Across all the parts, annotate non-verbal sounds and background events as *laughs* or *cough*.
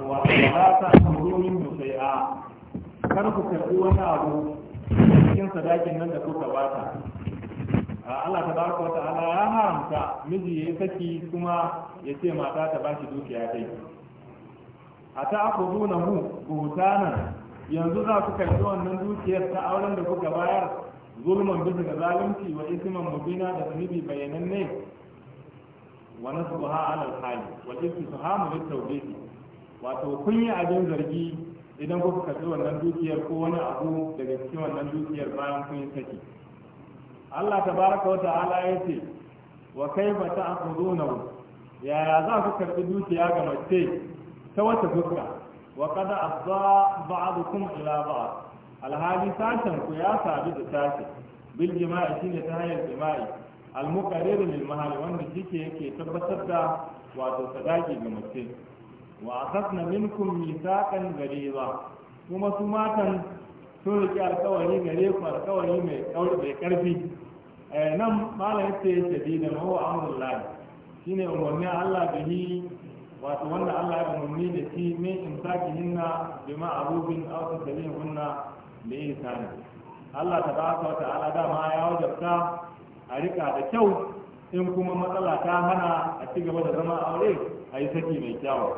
wa ba ta amurumin mu a kar ku karɓi wani abu cikin sadakin nan da kuka bata Allah ta baraka wata ta'ala ya haramta miji ya saki kuma ya ce mata ta ba shi dukiya dai a ta akuduna mu buhutanan yanzu za ku karɓi wannan dukiyar ta auren da kuka bayar zulman bisa ga zalunci wa isman mubina da zunubi bayananne wa nasuha ala alhali wal istishamu lit tawbihi wato kun yi abin zargi idan kuka karɓi wannan dukiyar ko wani abu daga cikin wannan dukiyar bayan kun yi saki Allah tabaraka wa ta'ala ya ce wa kaifa ta'khudunahu yaya za ku karɓi dukiya ga mace ta wata fuska wa qad afza ba'dukum ila ba'd alhali sashen ku ya sabi da sashi bil jima'i shine ta hanyar jima'i al muqarrir lil mahal wanda shike yake tabbatar da wato sadaki ga mace wa akhadna minkum mithaqan ghaliza kuma su matan sun rike alkawari gare ku alkawari mai kauri mai karfi nan malam yace shadidan huwa amrullah shine umarnin Allah da bihi wato wanda Allah ya umarni da shi min imsakihinna bima arubin aw hunna da Sani. Allah ta ta wa ala, dama ya wajabta a rika da kyau in kuma matsala ta hana a ci gaba da zama aure a yi saki mai kyau.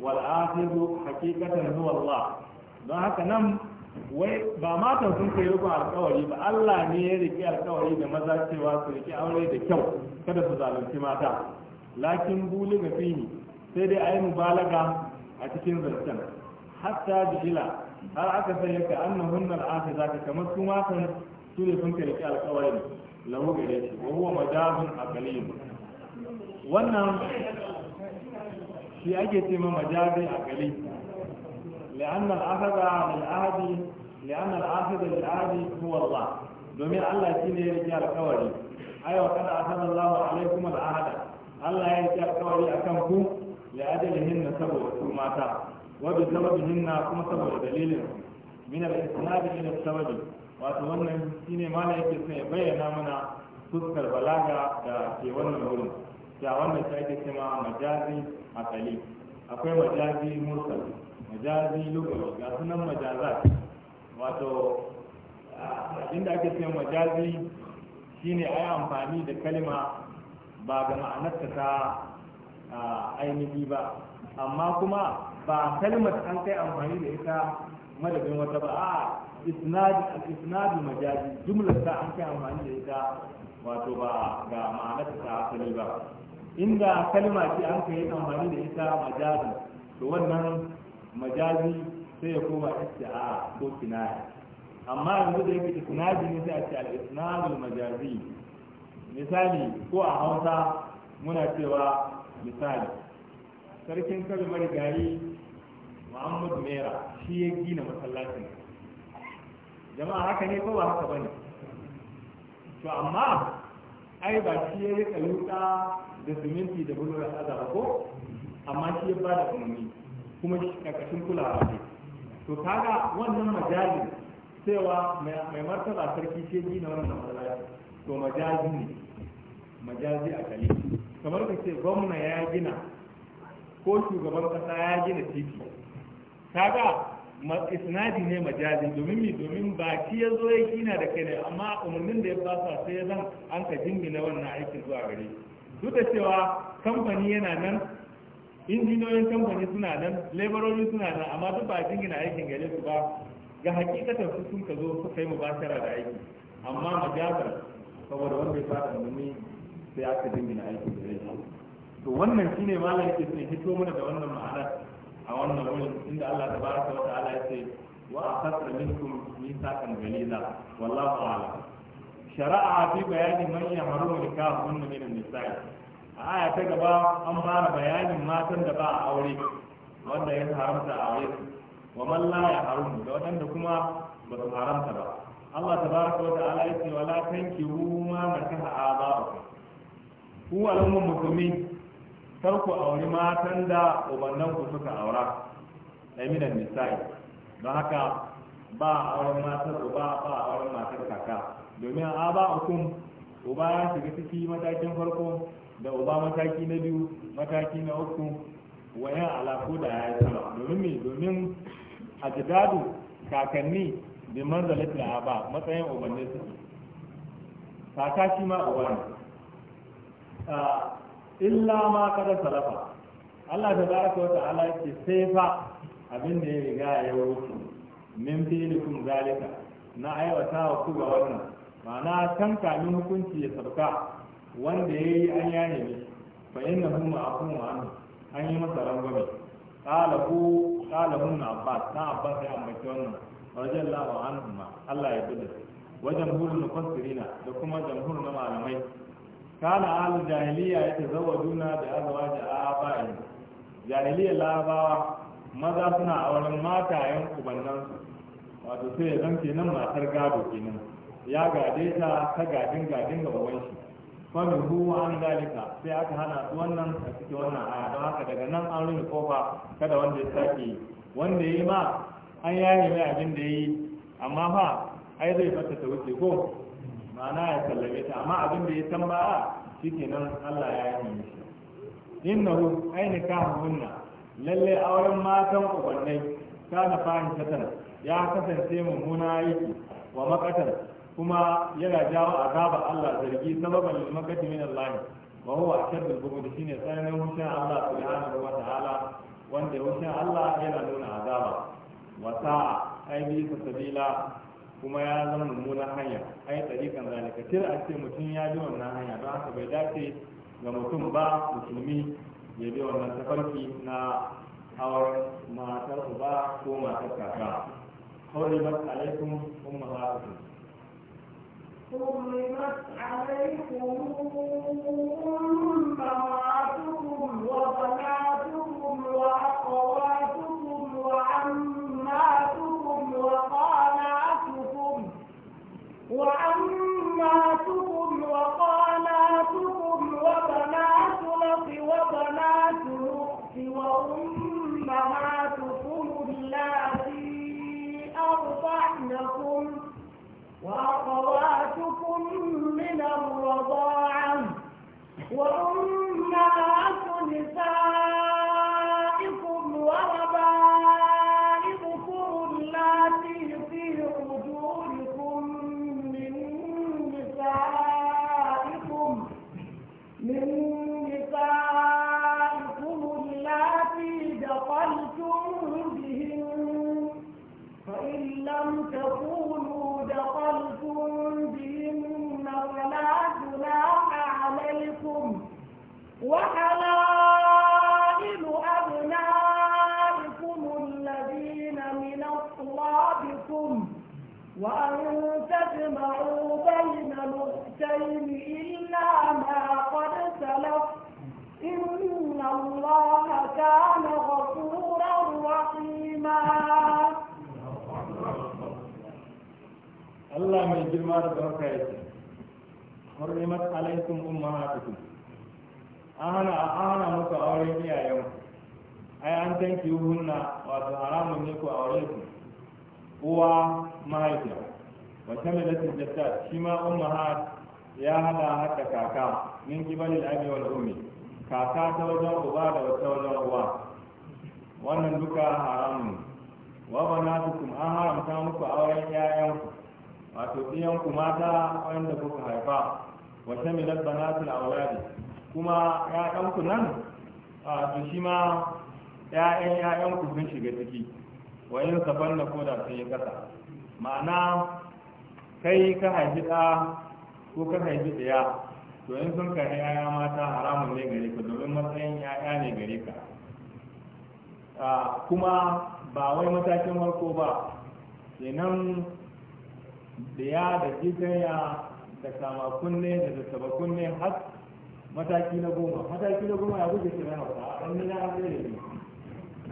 wal akhiru haqiqatan Allah don haka nan wai ba matan sun kai rukun alkawari ba Allah ne ya rike alkawari da maza cewa su rike aure da kyau kada su zalunci mata lakin buli ga fini sai dai ayi mubalaga a cikin zancen hatta ila har aka sanya ka annahunna al'afiza ka kamar su matan su ne sun kai rike alkawari lahu gare shi wa huwa madabun aqaliyun wannan shi ake ce ma majazi a gali لأن الأخذ عن العهد لأن الأخذ للعهد هو domin Allah shi ne ya rike alkawari ai wa kada asallallahu alaikum al'ahada Allah ya rike alkawari akan ku li ajalihin na saboda ku mata wa bi sababihin kuma saboda dalilin min al-isnad ila sababi wato wannan shine ma yake sai bayyana mana fuskar balaga da ke wannan wurin ga wannan shi ake cewa majazi asali akwai majazi mursal majazi lugawi ga sunan majaza wato inda ake cewa majazi shine ai amfani da kalma ba ga ma'anarta ta ainihi ba amma kuma ba kalmar an kai amfani da ita madadin wata ba a isnadu majazi jumlar ta an kai amfani da ita wato ba ga ma'anarta ta asali ba inda kalma ce an yi amfani da ita majazi to wannan majazi sai ya koma isti'a ko kinaya amma yanzu da yake isnadi ne sai a ce al-isnadul majazi misali ko a Hausa muna cewa misali sarkin Kano marigayi Muhammad Mera shi ya gina masallacin jama'a haka ne ko ba haka bane to amma ai ba shi ya yi yuta da siminti da bulura azaba ko amma shi ya ba da umarni kuma shi karkashin kulawa ne to kaga wannan majalin cewa mai martaba sarki ce gina wannan masallaci to majazi ne majazi a kali kamar ka ce gwamna ya gina ko shugaban kasa ya gina titi kaga isnadi ne majazi domin mi domin ba shi ya zo ya gina da kai ne amma umarnin da ya ba sai ya zan an ka jingina wannan aikin zuwa gare shi duk da cewa kamfani yana nan injiniyoyin kamfani suna nan laborori suna nan amma duk ba jingina aikin gare su ba ga hakikatar su sun ka zo suka yi mubashara da aiki amma majazar saboda wanda ya fada nuni sai aka jingina aikin gare shi to wannan shine malam yake sun hito mana da wannan ma'ana a wannan wurin inda Allah tabaraka wa ta'ala ya ce wa akhadna minkum mithaqan ghaliza wallahu a'lam shari'a fi bayani man ya haru da kafin da a aya ta gaba an fara bayanin matan da ba a aure wanda ya haramta a aure wa man ya haru da waɗanda kuma ba su haramta ba Allah tabaraka wa ta'ala yace wala tankihu ma nakaha aba'ukum ku al'ummar musulmi kar ku auri matan da ubannan ku suka aura da minan nisa'i don haka ba a auren matar uba ba a auren matar kaka domin a ba hukum uba ya shiga ciki matakin farko da uba mataki na biyu mataki na uku wayan alaƙo da ya yi sama domin me domin a jidadu kakanni bi a ba. matsayin ubanne su kaka shi ma uba ne illa ma kada salafa Allah ta baraka wa ta'ala yake sai fa abin da ya riga ya wuce min fi'likum zalika na aiwata wa ku ga wannan ma'ana kan kamin hukunci ya sabka wanda yayi an yane ne fa innahu ma'afun wa an yi masa rangwame qala hu qala hun abbas ta abbas ya ambaci wannan radiyallahu anhu Allah ya bude wa jamhurul mufassirina da kuma jamhur na malamai kana al jahiliya yatazawwaduna da azwaji abai jahiliya labawa maza suna auren matayen ubannansu wato sai ya zan nan matar gado kenan ya gade ta ta gadin gadin ga uban shi famin huwa an dalika sai aka hana su wannan a cikin wannan aya don haka daga nan an rufe kofa kada wanda ya sake wanda ya yi ma an yaye mai abin da ya yi amma fa ai zai fata ta wuce ko ma'ana ya sallame ta amma abin da ya san ba kenan Allah ya yi shi innahu aini kahunna lalle auren matan ubannai kana fahimtatan ya kasance mummuna yake wa makatar kuma yana jawo azaba Allah zargi sababan lil makati min Allah wa huwa shine tsananin hushin Allah subhanahu wata ta'ala wanda hushin Allah yana nuna azaba wasa'a sa'a ai sabila kuma ya zama mummunan hanya ai tsarikan zalika tir a ce mutum ya bi wannan hanya don haka bai dace ga mutum ba musulmi ya bi wannan tafarki na awar matar uba ko matar kaka حرمت عليكم أمهاتكم حرمت عليكم أمهاتكم وعماتكم وقناتكم وعماتكم وقناتكم الخلق وبنات الأخت وأمهاتكم اللاتي أرضعنكم وأخواتكم من الرضاعة وأمهاتكم Allah mai girma da barka yake hurrimat alaikum ummahatukum an hana an hana muku auren iyayen ai an tanki hunna wato haramun ne ku aure ku uwa mahaifiya mai tamilatul jaddad shi ma ummahat ya hada hadda kaka min kibalil abi wal ummi kaka ta wajen uba da wata wajen uwa wannan duka haramun wa banatukum an haramta muku auren 'ya'yanku wato ɗiyanku mata wanda kuka haifa wa shamilat banatul awladi kuma ku nan to shi ma ƴaƴan ku sun shiga ciki wa in sabanna ko da sun yi kasa ma'ana kai ka haifi ɗa ko ka haifi ɗaya to in sun kai ƴaƴa mata haramun ne gare ka domin matsayin ƴaƴa ne gare ka kuma ba wai matakin farko ba kenan da ya da gigaya da kama kunne da zattaba kunne har mataki na goma mataki na goma ya buge shi na hausa a ɗan nila a zai ne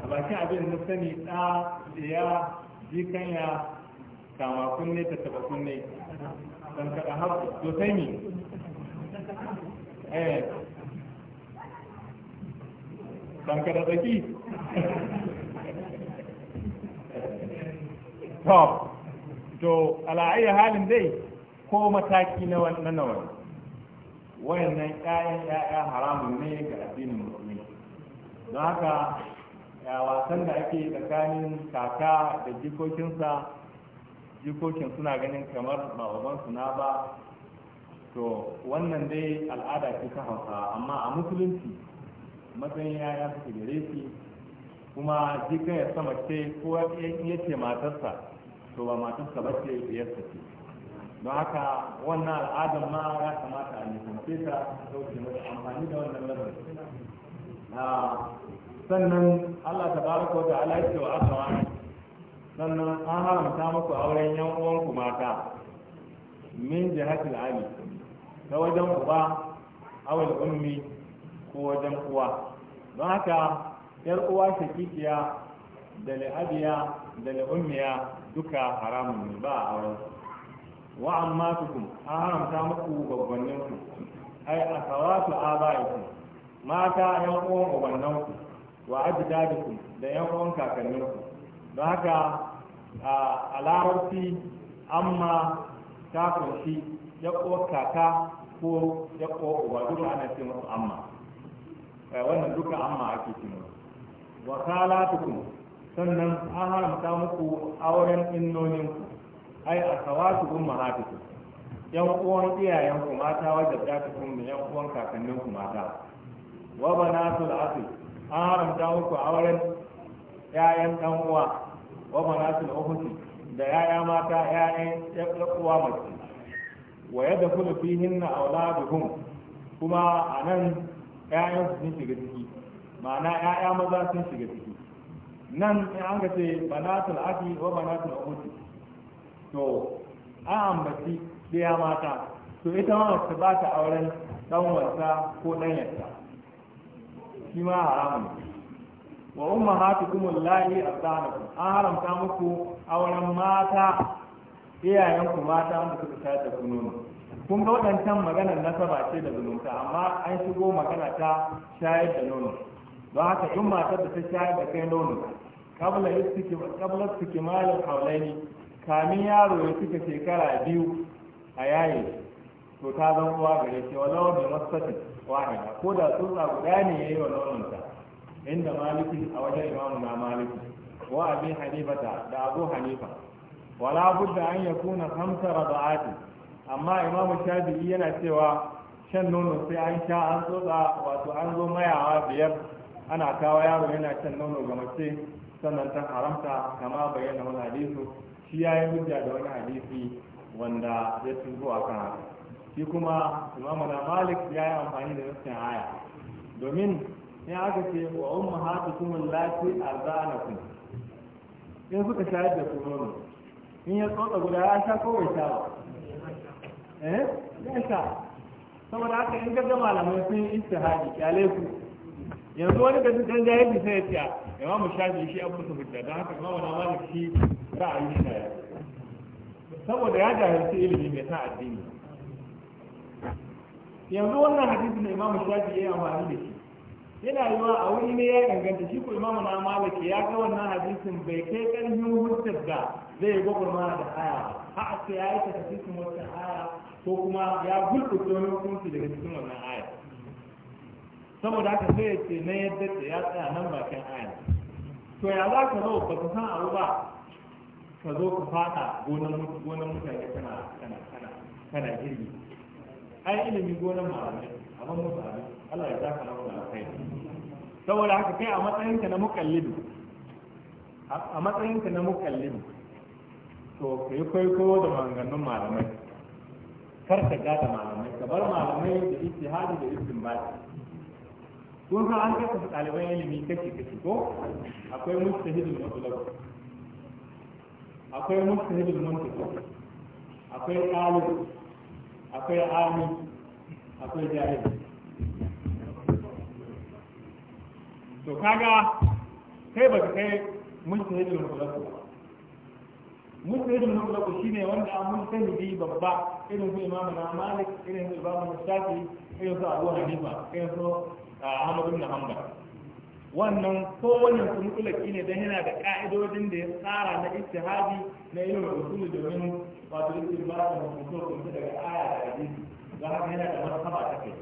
a bakin abin da sani ɗa da ya gigaya kama kunne da zattaba kunne don kaɗa hausa to sai ne eh don kaɗa tsaki *laughs* to to ala'ayi halin dai ko mataki na wannan nawa wayannan ƴaƴan ƴaƴa haramun ne ga addinin musulmi don haka wasan da ake tsakanin kaka da jikokinsa jikokin suna ganin kamar ba na ba to wannan dai al'ada ce ta hausa amma a musulunci matsayin yaya suke gare shi kuma jikin ya sama ce ko ya ce matarsa to ba matarsa ba ce ta ce don haka wannan al'adar ma ya kamata a nisance ta dauke mata amfani da wannan lamarin ah, sannan Allah ta baraka ko ta'ala ya ce wa wani sannan an haramta muku auren yan uwanku mata min jihatil ali ta wajen uba awal ummi ko wajen uwa don haka yar uwa shakikiya da la'abiya da la'ummiya duka haramun ne ba a auren wa amma su kun an haramta muku babbannin ku ai a kawatu abaiku mata yan uwan ubannan ku wa ku. da yan uwan kakannin ku don haka a larabci amma ta kunshi yakuwar kaka ko yakuwar uba duka ana ce musu amma eh, wannan duka amma ake ce musu wa tukun. sannan an haramta muku auren innonin ku ai a sawatu kun mahatiku yan uwan iyayen ku mata wajen da ta kun yan uwan kakannin ku mata wa banatul akhi an haramta muku auren yayan dan uwa wa banatul ukhti da yaya mata yayan yan uwa mace wa yadkhulu fihinna auladuhum kuma anan yayan su sun shiga ciki ma'ana yaya maza sun shiga ciki nan in an ga ce banatul abi wa banatul ummi to an ambaci ɗaya mata to ita ma ta ba ta auren dan wasa ko dan yatta shi ma haramun wa ummahatukum allahi ardanakum an haramta muku auren mata iyayenku mata wanda suka tayar da ku kun ga waɗancan maganar nasaba ce da zulunta amma an shigo magana ta shayar da nono don haka in matar da ta shayar da kai nono kabla kabla suke malar haulani kamin yaro ya cika shekara biyu a yayi to ta zan uwa gare shi lawan da masfatin ko da tsutsa guda ne ya yi wa ta inda maliki a wajen imamu na maliki wa abin hanifata da abu hanifa wala budda an ya kuna hamsa ati amma imamu shafi'i yana cewa shan nono sai an sha an tsotsa wato an zo mayawa biyar ana kawo yaro yana can nono ga mace sannan ta haramta kama bayyana wani hadisu shi ya yi hujja da wani hadisi wanda ya tuzo a kan haka shi kuma imamu na malik ya yi amfani da nufin aya domin in aka ce wa umma hatu kuma lati arzanakum in suka shayar da su nono in ya tsotsa guda ya sha ko bai sha ba eh ya sha saboda haka in ga malamai sun yi istihadi kyale su yanzu wani da sun ja yadda sai ya ce imam shafi shi abu su hujja don haka imam na wani shi a yi shaya saboda ya jahilci ilimi mai sa addini yanzu wannan hadisi na imam shafi ya yi amfani da shi yana yi wa a wuri ne ya inganta shi ko imamu na malaki ya ga wannan hadisin bai kai karfin hujjar da zai yi gwagwarma da haya ba a ce ya yi ta hadisin wata haya ko kuma ya gulɗu tsohon hukunci daga cikin wannan haya. saboda haka sai ya ce na yadda da ya tsaya nan bakin aya to ya za ka zo ba ka san abu ba ka zo ka fada gonan mutane kana kana kana kana girbi ai ilimi gonan malamai abin musu abin Allah ya zaka nan da kai saboda haka kai a matsayinka na mukallibi a matsayinka na mukallibi to ka yi kwaikwayo da maganganun malamai kar ka ga da malamai ka bar malamai da hadu da istinbati kun san an kasa su ɗaliban ilimi kake kashi ko akwai mustahidul mutlaq akwai mustahidul mutlaq akwai ɗalib akwai ami akwai jahil to kaga kai ba kai mustahidul mutlaq ba mustahidul mutlaq shine wanda an bi babba irin su imamu na malik irin su imamu shafi irin su abu hanifa irin su Ahmad na Hanbal wannan ko wani mutulaki ne don yana da ka'idodin da ya tsara na ijtihadi na ilimin usulu domin wato ba da mutum kuma daga aya da hadisi ga haka yana da martaba ta kai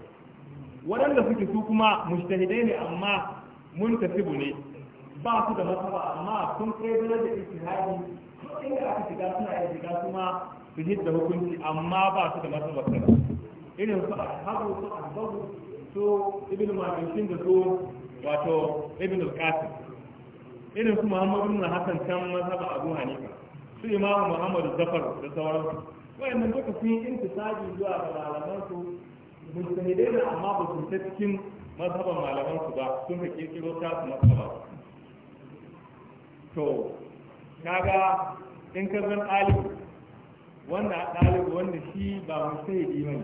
waɗanda suke su kuma mujtahidai ne amma mun tasibu ne ba su da martaba amma sun kai da In inda aka shiga suna iya shiga kuma su hidda hukunci amma ba su da martaba ta irin su a hagu su a su ibn makisin da su wato ibn al-qasim irin su muhammadu na hasan can mazhaba abu hanifa su imamu muhammadu zafar da sauransu nan duka sun yi intisabi zuwa ga malaman su mujtahidai da amma ba su ta cikin mazhaban malaman su ba sun ka kirkiro ta su mazhaba to kaga in ka zan ɗalibu wanda ɗalibu wanda shi ba mujtahidi ne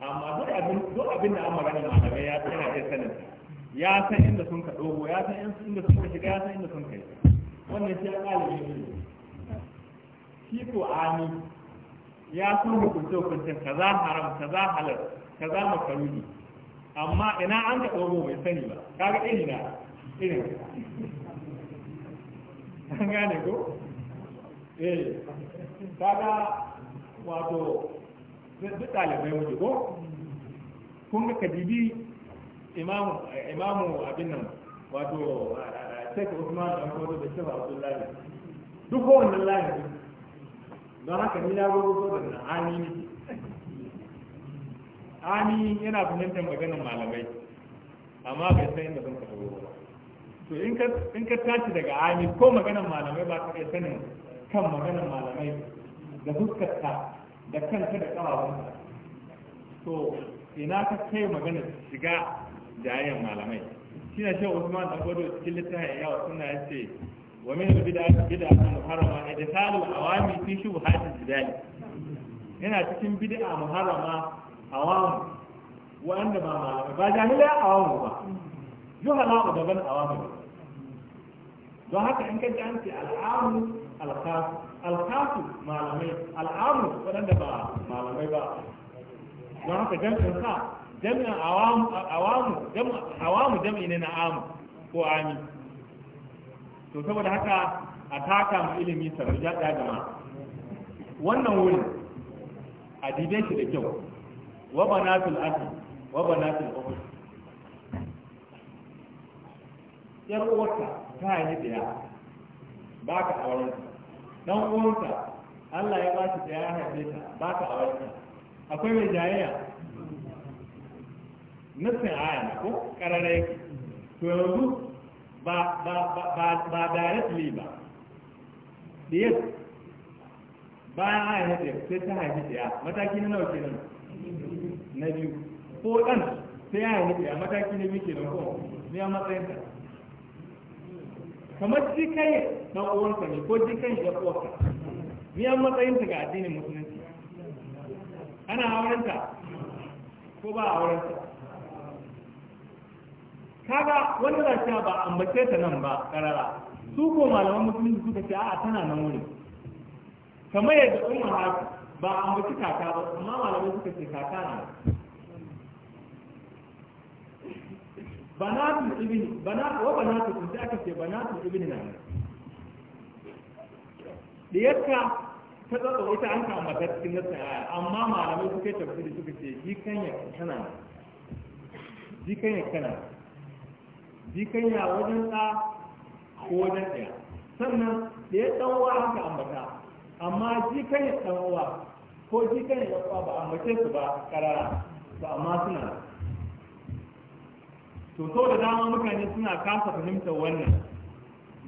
amma duk abin duk abin da an magana malamai ya tsara ya sanin ya san inda sun ka dogo ya san inda sun ka shiga ya san inda sun ka yi wannan shi ya kala ne shi ko ani ya san hukunce hukuncin kaza haram kaza halal kaza makaruni amma ina an ka dogo bai sani ba kaga iri na irin an gane ko eh kaga wato duk ɗalibai waje ko kun ga kadibi imamu abin nan wato shek usman dan kodo da shek abdullahi duk wannan layin don haka ni na rubuto da nan ani ne ani yana fahimtar maganar malamai amma bai san inda zan ka ba to in ka tashi daga ami ko maganar malamai ba ka kai sanin kan maganar malamai da ta. da kanta da kawawun to ina ka kai magana shiga jayayyan malamai shi ne shehu usman da gwado cikin littafin yawa suna ya ce wa min bid'a bid'a muharrama idhalu awami fi shubhati jidali yana cikin bid'a muharrama awamu wanda ba malamai ba jahilai awamu ba yuhala daban awamu don haka in ka ji an ce al'amu alkasu alkasu malamai al'amu waɗanda ba malamai ba don haka jami'in sa jami'in awamu jam'i ne na amu ko ami to saboda haka a taka mu ilimi sarar ya ɗaya gama wannan wurin a dide shi da kyau wa banatul asli wa banatul ukhra yar uwarka ta yi da ya ba ka auren dan uwanka Allah ya ba bashi da ya haife ta ba ta aure akwai mai jayayya nufin aya ko karare to yanzu ba ba ba ba directly ba diyet bayan aya ya ce sai ta haifi ɗaya mataki na nawa kenan na biyu ko dan sai ya haifi ɗaya mataki na biyu kenan ko ne a matsayin ta kamar shi kai dan uwanka ne ko jikan shi ya uwarka matsayin ta ga addinin musulunci ana aurenta ko ba aurenta kaga wani rasha ba ambace ta nan ba karara su ko malaman musulunci suka ce a tana nan wuri kamar yadda umma hafi ba ambaci kaka ba amma malaman suka ce kaka na banatu ibn banatu wa banatu sai aka ce banatu ibn na da yadda ta tsatsa ita an kama ta cikin nasa aya amma malamai suka tafi da suka ce jikanya kana jikanya kana jikanya wajen ɗa ko wajen ɗaya sannan da ya uwa haka ambata amma jikanya uwa ko jikanya uwa ba ambace su ba ƙarara ba amma suna to so da dama mutane suna kasa fahimtar wannan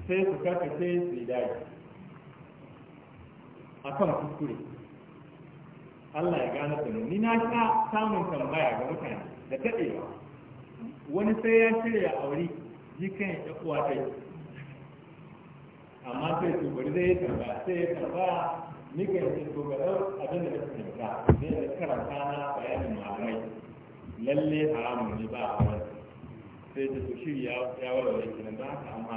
sai su sai su yi daji akan kuskure Allah ya gane da ni na sha samun tambaya ga mutane da taɗewa wani sai ya shirya aure kan ya uwa ta yi amma sai su bari zai yi tambaya sai ya tambaya ni ga yanzu to ga dau abin da suke ka zai da karanta na bayanin malamai lalle haramun ne ba a wani sai da su shirya ya warware kiran da haka amma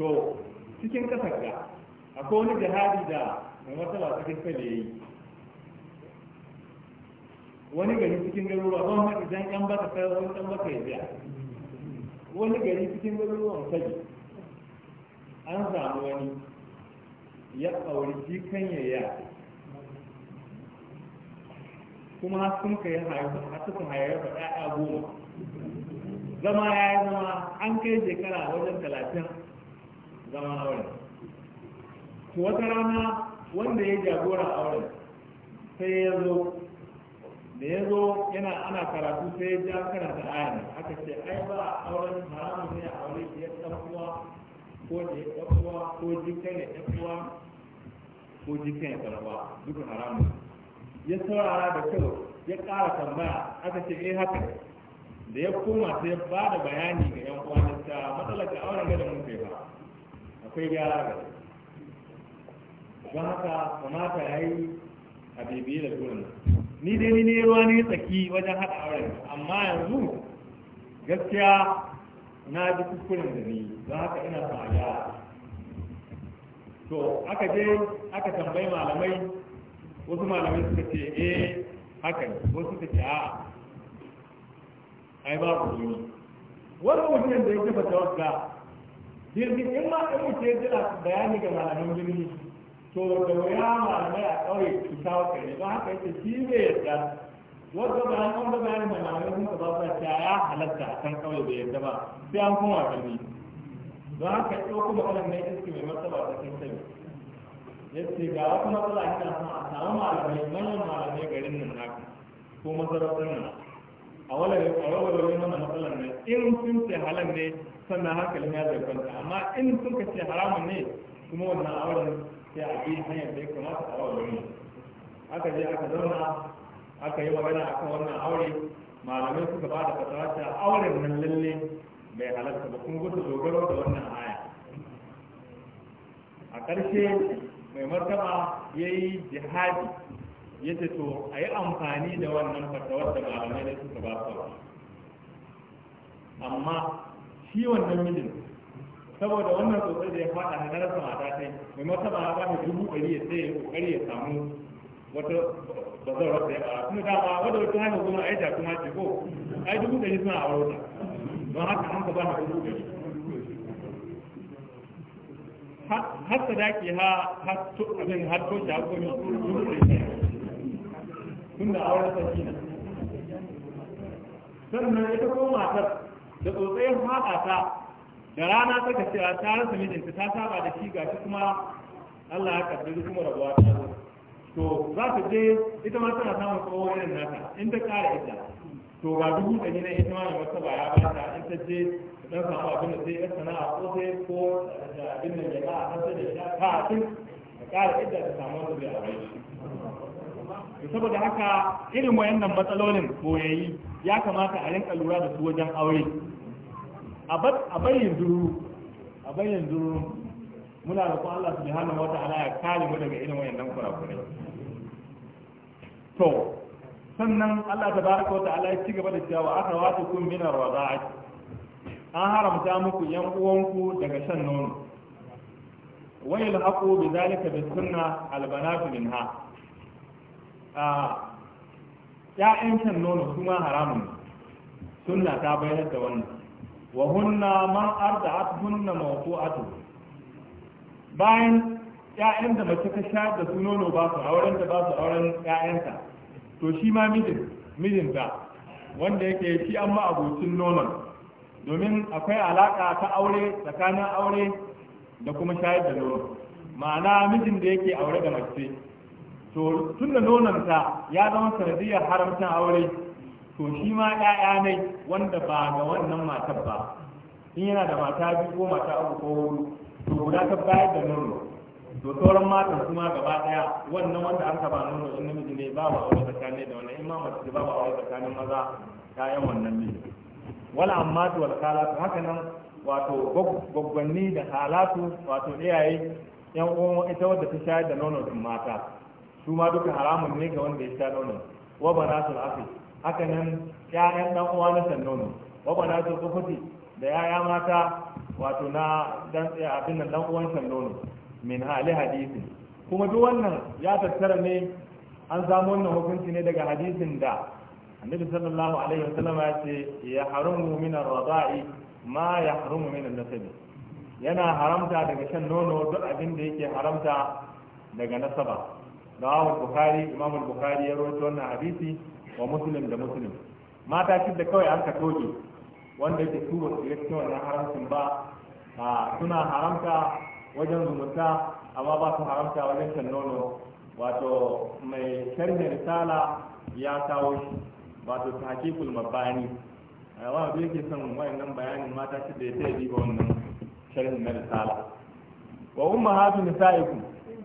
to cikin kasar akwai wani jihadi da mai matsala cikin kai ya yi wani gari cikin garuruwa ba ma idan yan baka kai wani 'yan baka ya biya wani gari cikin garuruwan sai an samu wani ya auri shi kan ya ya kuma sun kai yi har suka haihu da goma zama ya yi zama an kai shekara wajen talatin zama wani wata rana wanda ya jagora auren sai ya zo da ya zo yana ana karatu sai ya ja karanta ayan aka ce ai ba auren haramun ne a aure ya tsakuwa ko da ya tsakuwa ko jika ya tsakuwa ko jika ya tsaraba duka haramun ya saurara da kyau ya ƙara tambaya aka ce eh haka da ya koma sai ya ba da bayani ga yan uwanin ta matsalar da auren gada mun kai ba akwai gyara gari don haka kamata ya yi a bibiyi da turin ni dai ni ne ruwa ne tsaki wajen haɗa auren amma yanzu gaskiya na ji kuskuren da ni don haka ina son a to aka je aka tambayi malamai wasu malamai suka ce eh haka ne wasu suka ce a? ai ba ku duni wani mutum da ya tabbata wagga jirgin in ma in mutum ya jira bayani ga malaman jirgin to da wuya malamai a ƙauye su kawo kare don haka yake shi bai yarda wanda ba an ba ne malamai sun ba sa ya halatta a kan ƙauye bai yarda ba sai an koma kalli don haka ɗauko maganar mai iski mai martaba ta kan sani yace ga wata matsala ina son a samu malamai manyan malamai garin nan naka ko masarautar nan a wala a wala mana matsalar nan in sun ce halal ne sannan hankalin ya zarfanta amma in sun ka ce haramun ne kuma wannan auren sai a bi hanyar da ya kamata a aure aka je aka zauna aka yi magana akan wannan aure malamai suka ba da fatawa ta auren nan lalle bai halarta ba kuma gudu dogaro da wannan aya a ƙarshe mai martaba ya yi jihadi ya ce to a yi amfani da wannan fasawar da malamai da suka ba su amma shi wannan mijin saboda wannan sosai da ya faɗa na rasa mata sai mai mata a ba ni dubu ɗari ya sai ya ya samu wata bazawar da ya fara kuma dama wanda wata hanyar a ai da kuma ce ko ai dubu ɗari suna a wurin don haka an ka ba na dubu ɗari har sadaki ha har abin har ta har komi dubu ɗari tun da auren sarki na sannan ita ko matar da tsotsayar haɗa ta da rana ta kace a tsarin sa mijinta ta saba da shi gashi kuma Allah ya kaddari kuma rabuwa ta zo to za ta je ita ma tana samun tsawo irin nata in ta kare ita to ga dubu ɗari ne ita ma da ba ya ba ta in ta je dan samu abin da zai sana'a ko sai ko da abin da ya ba a san da ita ta tun ta kare ita ta samu su zai aure shi saboda haka irin wayannan matsalolin boyayyi ya kamata a rinka lura da su wajen aure a bayin duru muna da kuma Allah subhanahu wata ta'ala ya kare mu daga irin wayannan kurakurai to sannan Allah tabaraka wa ta'ala ya ci gaba da cewa aka wata kun min ar-rada'ati an haramta muku yan uwanku daga shan nono wayil haqu bi zalika bi sunna al-banatu minha ah, ya'yan shan nono su ma haramun sunna ta bayar da wannan wa hunna man arda'at hunna mawdu'atu bayan ƴaƴan mace ta sha da su nono ba su auren da ba su auren ƴaƴanta to shi ma mijinta wanda yake ci an ma abocin domin akwai alaƙa ta aure tsakanin aure da kuma shayar da nono ma'ana mijin da yake aure da mace to tunda da nononta ya zama sanadiyar haramcin aure to shi ma ɗaya ne wanda ba ga wannan matar ba in yana da mata biyu ko mata uku ko hudu to guda ta bayar da nono to sauran matan kuma gaba ɗaya wannan wanda an ba nono in namiji ne ba ba wani tsakani da wannan in ma mace ba ba wani tsakani maza kayan wannan ne wala amma to wal kalatu haka nan wato gwaggwanni da halatu wato iyaye yan uwan ita wadda ta shayar da nono din mata su ma duka haramun ne ga wanda ya sha nono wa banatul afi haka nan ƴaƴan dan uwa na sannono wa bana kufuti da yaya mata wato na dan eh, abin nan dan uwan sannono min hali hadisi kuma duk wannan ya tattara ne an samu wannan hukunci ne daga hadisin da annabi sallallahu alaihi wasallam ya ce ya haramu min ar ma ya haramu min nasabi yana haramta daga shan nono duk abin da yake haramta daga nasaba rawahu bukhari imam bukhari ya rawaito wannan hadisi wa musulun da musulun mata shi da kawai an ka toke wanda yake tuwa ba su cikin wannan haramcin ba suna haramta wajen zumunta amma ba su haramta wajen shan nono wato mai sharhin risala ya kawo shi wato ta mabani a yawa da yake son wayannan bayanin mata shi da ya ta yi wannan sharhin na risala wa umma nisa'ikum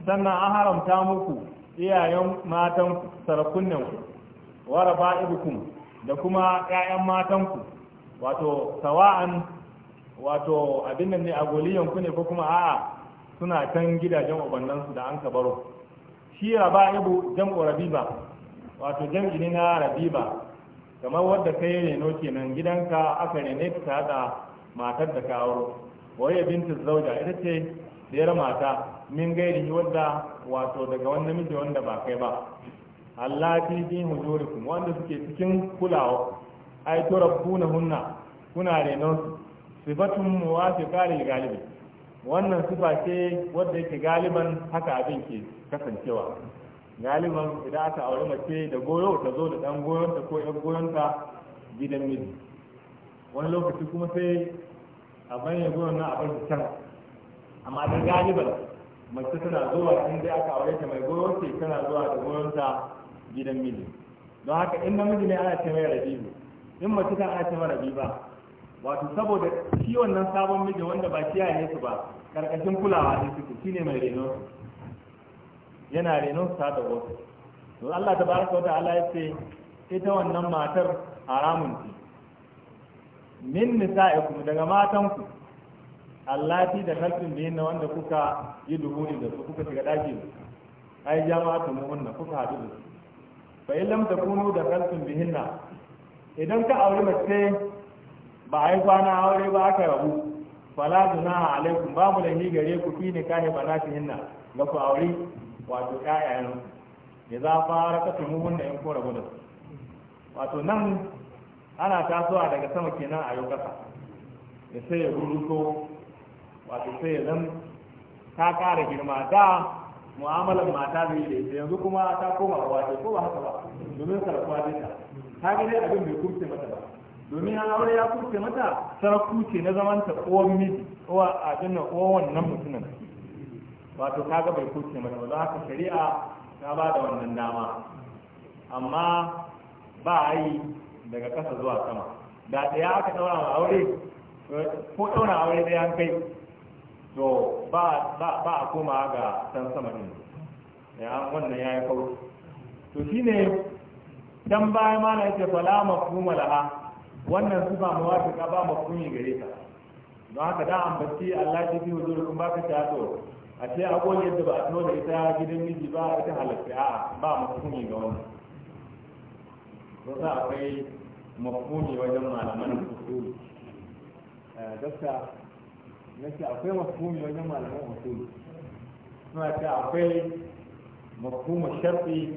sannan an haramta muku iyayen matan sarakunan wa da kuma 'ya'yan matanku wato sawa'an wato abin nan ne a goliyanku ne ko kuma a'a suna can gidajen ubannansu da an ka baro shi raba'ibu jam'u rabiba wato jam'i ne na rabiba kamar wadda kai reno kenan gidanka aka rene ta haɗa matar da kawo waye binta zauja ita ce 'yar mata min gairi wadda wato daga wani namiji wanda ba kai ba allati bi hujurikum wanda suke cikin kulawa ay rabbuna hunna kuna renon su sifatun muwafiqa lil galibi wannan sifa ce wadda yake galiban haka abin ke kasancewa galiban idan aka aure mace da goyo ta zo da dan goyonta ko yan goyonta gidan miji wani lokaci kuma sai a bayyana goyon na abin can amma da galiban mace tana zuwa inda aka aure ta mai goyo ce tana zuwa da ta. gidan miji don haka in namiji ne ana ce mai ne. in mace ta ana ce mai ba. wato saboda shi wannan sabon miji wanda ba kiyaye su ba karkashin kulawa ne suke shine mai reno yana reno sa da wasu to Allah tabaraka wa ta'ala ya ce ita wannan matar haramun ce min nisa'ikum daga matanku allati da kalbin da yana wanda kuka yi duhuri da su kuka shiga daki ai jama'atu mu'minna kuka haɗu da su fa in lam takunu da kalsun bihinna idan ka aure mace ba ai kwana aure ba aka rabu fala duna alaikum da lahi gare ku fi ne kai hinna ga ku aure wato ƴaƴayen ya za fara ka tumu da in ko rabu da wato nan ana tasowa daga sama kenan a yau kasa ya sai ya ruruto wato sai ya zan ta ƙara girma da mu'amalar mata zai da ita yanzu kuma ta koma a wace ko ba haka ba domin sarrafa dinta ta ga dai abin bai kurce mata ba domin an aure ya kurce mata sarrafu ce na zaman ta tsohon miji ko a jinnan ko wannan mutumin wato ta ga bai kurce mata ba za ka shari'a ta ba da wannan dama amma ba a yi daga kasa zuwa sama da ɗaya aka ɗaura aure ko ɗaura aure ɗaya kai to ba a koma ga can sama din ya wannan ya yi kawo. to shine dan baya ma na yake fala mafhuma laha wannan su ba ka ba mafhumi gare ta don haka da an bacci Allah ya fi hudur kun baka ta to a ce a goge yadda ba a tuno da ita gidan miji ba ita halatta a ba mafhumi ga wannan to za akwai mafhumi wajen malaman usuli eh, gaskiya nake akwai mafhumi wajen malaman usuli suna ce akwai mafhumin sharfi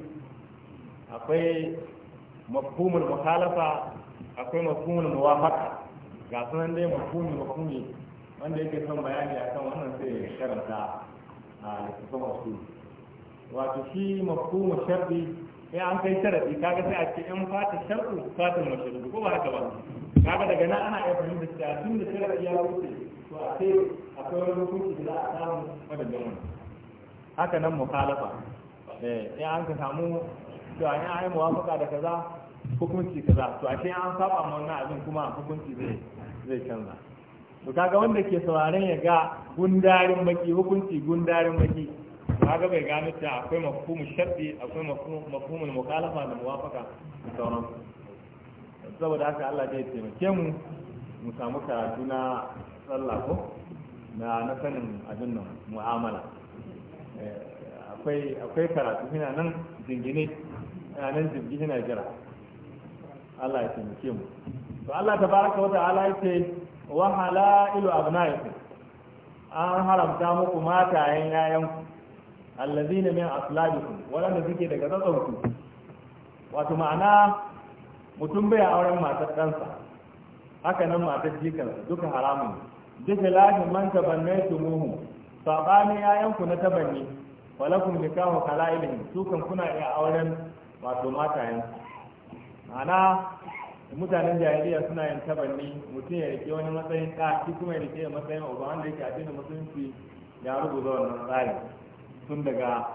akwai mafhumin mukhalafa akwai mafhumin muwafaka ga sunan dai mafhumi mafhumi wanda yake son bayani akan wannan sai karanta a littafin usuli wato shi mafhumin sharfi sai an kai sharadi kaga sai a ce in fata sharfi fata mashrudu ko ba haka ba kaga daga nan ana iya fahimta cewa tun da sharadi ya wuce to a sai wani hukunci da za a samu madadin wani haka nan mukhalafa eh in an ka samu to an yi muwafaka da kaza hukunci kaza to a an saba ma wannan abin kuma hukunci zai zai canza to kaga wanda ke sauraron ya ga gundarin maki hukunci gundarin maki kaga bai ga ta akwai mafhumu sharti akwai Mu mukhalafa da muwafaka da sauransu saboda haka Allah zai taimake mu mu samu karatu na sallah ko na na sanin abin nan mu'amala eh, akwai akwai karatu ina nan jingine ina nan jingine na jira Allah ya taimake mu to Allah tabaraka wa ta'ala yake wa halailu abna'iku an haramta muku matayen yayanku allazina min aslabikum wanda suke daga tsatsanku wato ma'ana mutum bai auren matar kansa haka nan matar jikar duka haramun duk lafi man tabannai su muhu saɓani yayanku na tabanni walakun kawo kala'ilin su kan kuna iya auren wato matayen ma'ana mutanen jahiliya suna yin tabanni mutum ya rike wani matsayin ɗa shi kuma ya rike matsayin uba wanda yake da musulunci ya rubuta wannan tsari tun daga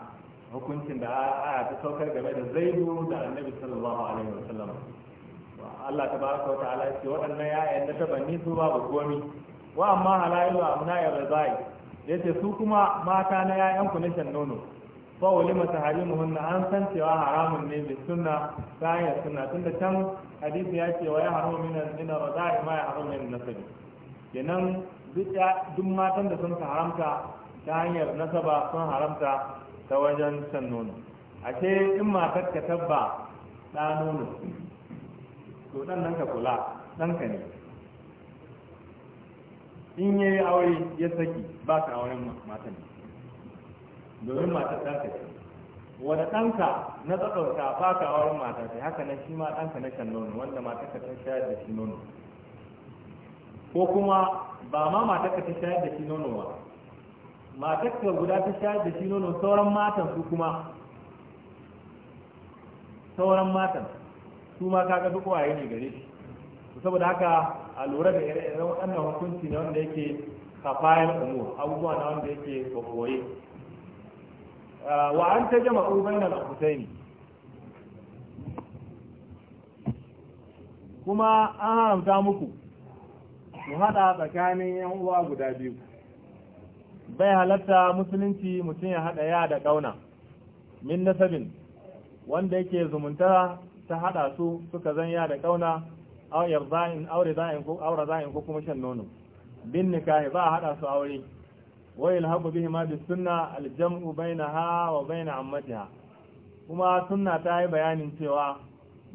hukuncin da aya ta saukar game da zaidu da annabi sallallahu alaihi wasallam Allah ta ka wata ala ce waɗannan ya'yan na tabanni su babu komi wa amma a muna ya razai ce su kuma mata na ya'yan ku na shan nono masu wali masaharimuhunna an san cewa haramun ne bi sunna ta hanyar sunna tunda can hadisi ya ce wa ya haramu mina razai ma ya haramu mina nasabi kenan duk duk matan da sun haramta ta hanyar nasaba sun haramta ta wajen shan nono ashe in matar ka tabba ɗa nono to dan nan ka kula dan ka ne in ya yi aure ya saki ba ka auren matan ne. domin matar ka ce wanda ɗanka na tsatsauta ba ka auren mata ce haka nan shi ma ɗanka na shan nono wanda matar ka ta shayar da shi nono ko kuma ba ma matar ka ta shayar da shi nono ba matar ka guda ta shayar da shi nono sauran matan su kuma sauran matan su ma kaga duk waye ne gare shi saboda haka a lura da irin iren waɗannan hukunci ne wanda yake kafayar umur abubuwa na wanda yake kokoye wa an ta jama'u al husaini kuma an haramta muku mu haɗa tsakanin yan uwa guda biyu bai halatta musulunci mutum ya haɗa ya da ƙauna min nasabin wanda yake zumunta ta hada su suka zanya da kauna aw yardain aw ridain ko aw ridain ko kuma shan nono bin nikahi ba hada su aure wayil yalhaqu bihi ma bis sunna al jam'u bainaha wa bain ammatiha kuma sunna ta yi bayanin cewa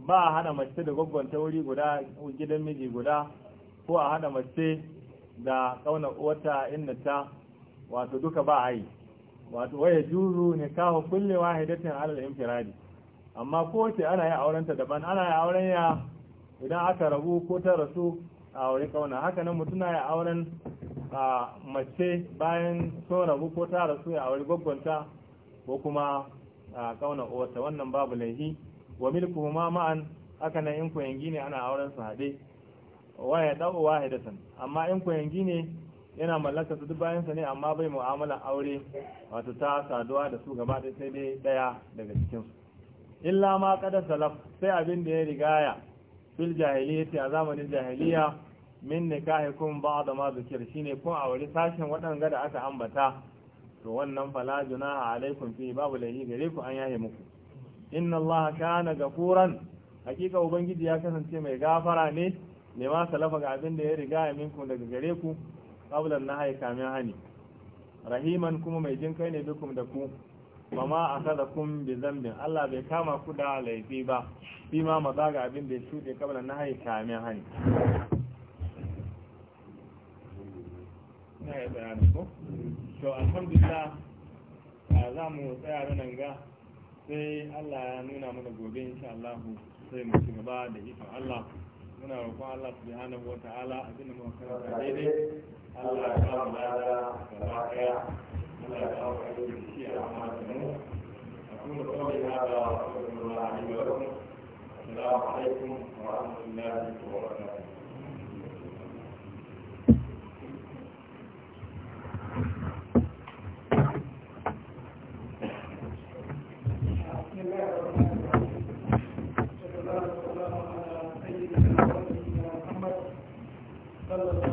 ba a hada mace da ta wuri guda gidan miji guda ko a hada mace da kauna uwata inna ta wato duka ba a yi wato waya juru nikahu kulli wahidatin alal infiradi amma kowace ana yin aurenta daban ana yin auren ya idan aka rabu ko ta rasu a wuri kauna haka nan mutum na yin auren a mace bayan so rabu ko ta rasu ya wuri gwaggwanta ko kuma a kauna uwarta wannan babu laifi wa milku ma ma'an haka nan in kuyangi ne ana auren su haɗe waya ɗau san amma in kuyangi ne yana mallaka su duk bayansa ne amma bai mu'amala aure wato ta saduwa da su gaba ɗaya sai dai ɗaya daga cikinsu illa ma kada salaf sai abin da ya rigaya fil jahiliyyati a zamanin jahiliya min nikahikum ba'da ma zikir shine kun wuri sashen waɗanga da aka ambata to wannan fala junaha alaikum fi babu lahi gare ku an yahe muku inna allaha kana gafuran hakika ubangiji ya kasance mai gafara ne ne ma salafa ga abin da ya rigaya minku daga gare ku qablan nahai kamin hani rahiman kuma mai jin kai ne bikum da ku ba ma a kada kun bi zambin Allah bai kama ku da laifi ba fi ma maza ga abin da ya shuɗe kabla na haika kamin hari na ya bayanin ko to alhamdulillah za mu tsaya nan ga sai Allah ya nuna mana gobe insha Allah sai mu gaba da ikon Allah muna roƙon Allah subhanahu wa ta'ala abin da muka karanta daidai Allah ya ba mu lada أقول قولي هذا وأستغفر الله لي ولكم السلام عليكم ورحمة الله وبركاته صلى الله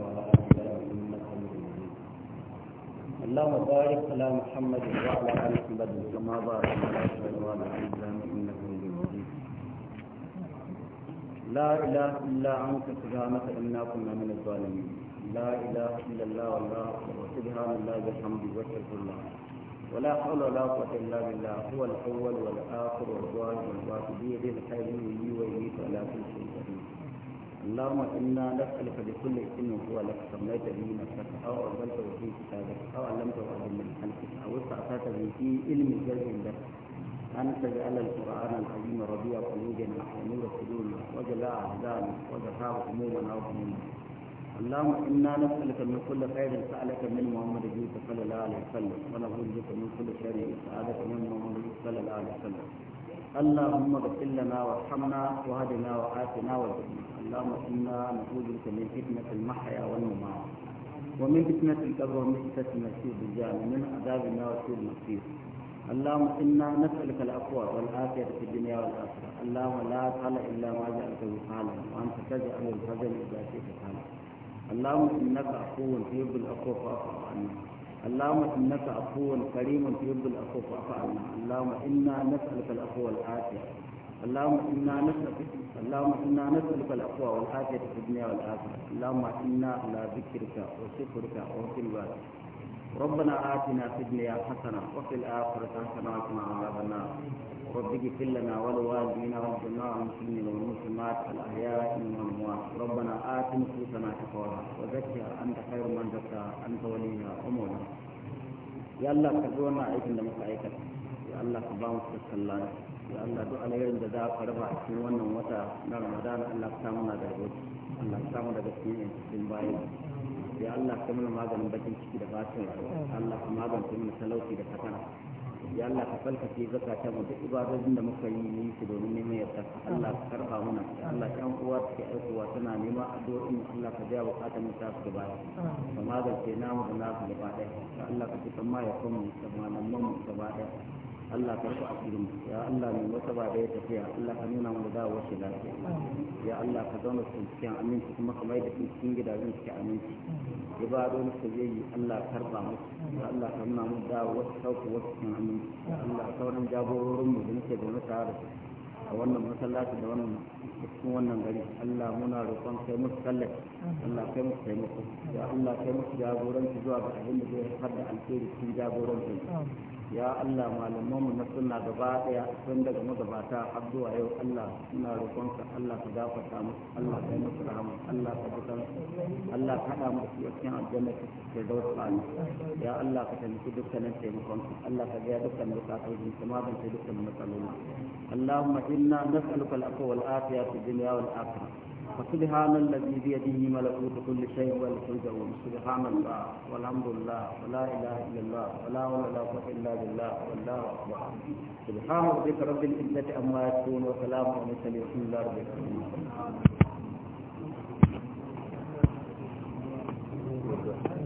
اللهم بارك على محمد وعلى ال محمد كما بارك على ابراهيم وعلى ال ابراهيم انك حميد مجيد لا اله الا انت سبحانك انا كنا من الظالمين لا اله الا الله والله اكبر سبحان الله بحمده وشكر الله ولا حول ولا قوه الا بالله هو الاول والاخر والظاهر والباطن بيده الخير ويميت ولا كل شيء اللهم إنا نسألك بكل اسم هو لك سميت به نفسك أو أنزلته في كتابك أو علمته أحد من خلقك أو استعصيت به في علم الغيب لك أن تجعل القرآن العظيم ربيع قلوبنا ونور قلوبنا وجلاء أحزاننا وجفاء همومنا وهمومنا اللهم إنا نسألك من كل خير سألك من محمد صلى الله عليه وسلم ونعوذ بك من كل شر سألك من محمد صلى الله عليه وسلم اللهم اغفر لنا وارحمنا وهدنا وآتنا وارزقنا اللهم إنا نعوذ بك من فتنة المحيا والممات ومن فتنة القبر ومن فتنة المسيح الدجال ومن عذاب النار وسوء المصير اللهم إنا نسألك العفو والعافية في الدنيا والآخرة اللهم لا تعالى إلا ما جعلته سهلا وأنت تجعل الحزن إذا شئت سهلا اللهم إنك عفو تحب العفو فاعف عنا اللهم انك عفو كريم تحب العفو فاعف عنا اللهم انا نسالك العفو والعافيه اللهم انا نسالك اللهم انا نسالك العفو والعافيه في الدنيا والاخره اللهم انا على ذكرك وشكرك وحسن عبادتك ربنا آتنا في الدنيا حسنة وفي الآخرة حسنة وقنا عذاب النار رب اغفر لنا ولوالدينا وارحمنا المسلمين والمسلمات الاحياء منهم الاموات ربنا ات نفوسنا تقواها وزكها انت خير من زكاها انت وليها ومولاها يا الله كرمنا aikin da muka aikata ya Allah ka ba mu cikakken ya Allah duk da za ka raba a cikin wannan wata na Ramadan Allah ka samu na daga Allah ka samu daga cikin cikin baya ya Allah maganin bakin ciki da fatin Allah ka magance mana talauci da fatara ya Allah ka falkace zakata mu da ibadojin da muka yi su domin neman yarda Allah ka karba mana Allah kan uwa take aikowa tana neman addu'o'in Allah ka jawo bukatun mu ta su gaba ka magance namu da nasu gaba ɗaya Allah ka fitan ma ya kuma da malaman mu gaba ɗaya Allah ka rufe asirin ya Allah mai wata ba da ya tafiya Allah ka nuna mu da wasu lafiya ya Allah ka zauna su cikin aminci kuma kamar da su cikin gidajen cikin aminci ibadon su yi Allah karba musu ya Allah ka nuna mu da wasu sauku wasu cikin aminci ya Allah sauran jagororin mu da muke tare a wannan masallaci da wannan cikin wannan gari Allah muna roƙon kai musu Allah kai musu taimako ya Allah kai musu jagoranci zuwa ga abin da zai da alheri cikin jagoranci ya Allah malamanmu na suna gaba daya sun daga magabata har zuwa yau Allah suna roƙonka Allah ka gafarta musu Allah ka yi musu rahama Allah ka bukan Allah ka da musu a cikin aljanna ta dauka ne ya Allah ka taimaki dukkanin taimakon Allah ka ga dukkan bukatun su magance dukkan matsaloli اللهم إنا نسألك العفو والعافية في الدنيا والآخرة فسبحان الذي بيده ملكوت كل شيء والحمد سبحان الله والحمد لله ولا اله الا الله ولا ولا قوه الا بالله والله اكبر سبحان ربك رب العزه عما يصفون وسلام على المرسلين الحمد لله رب العالمين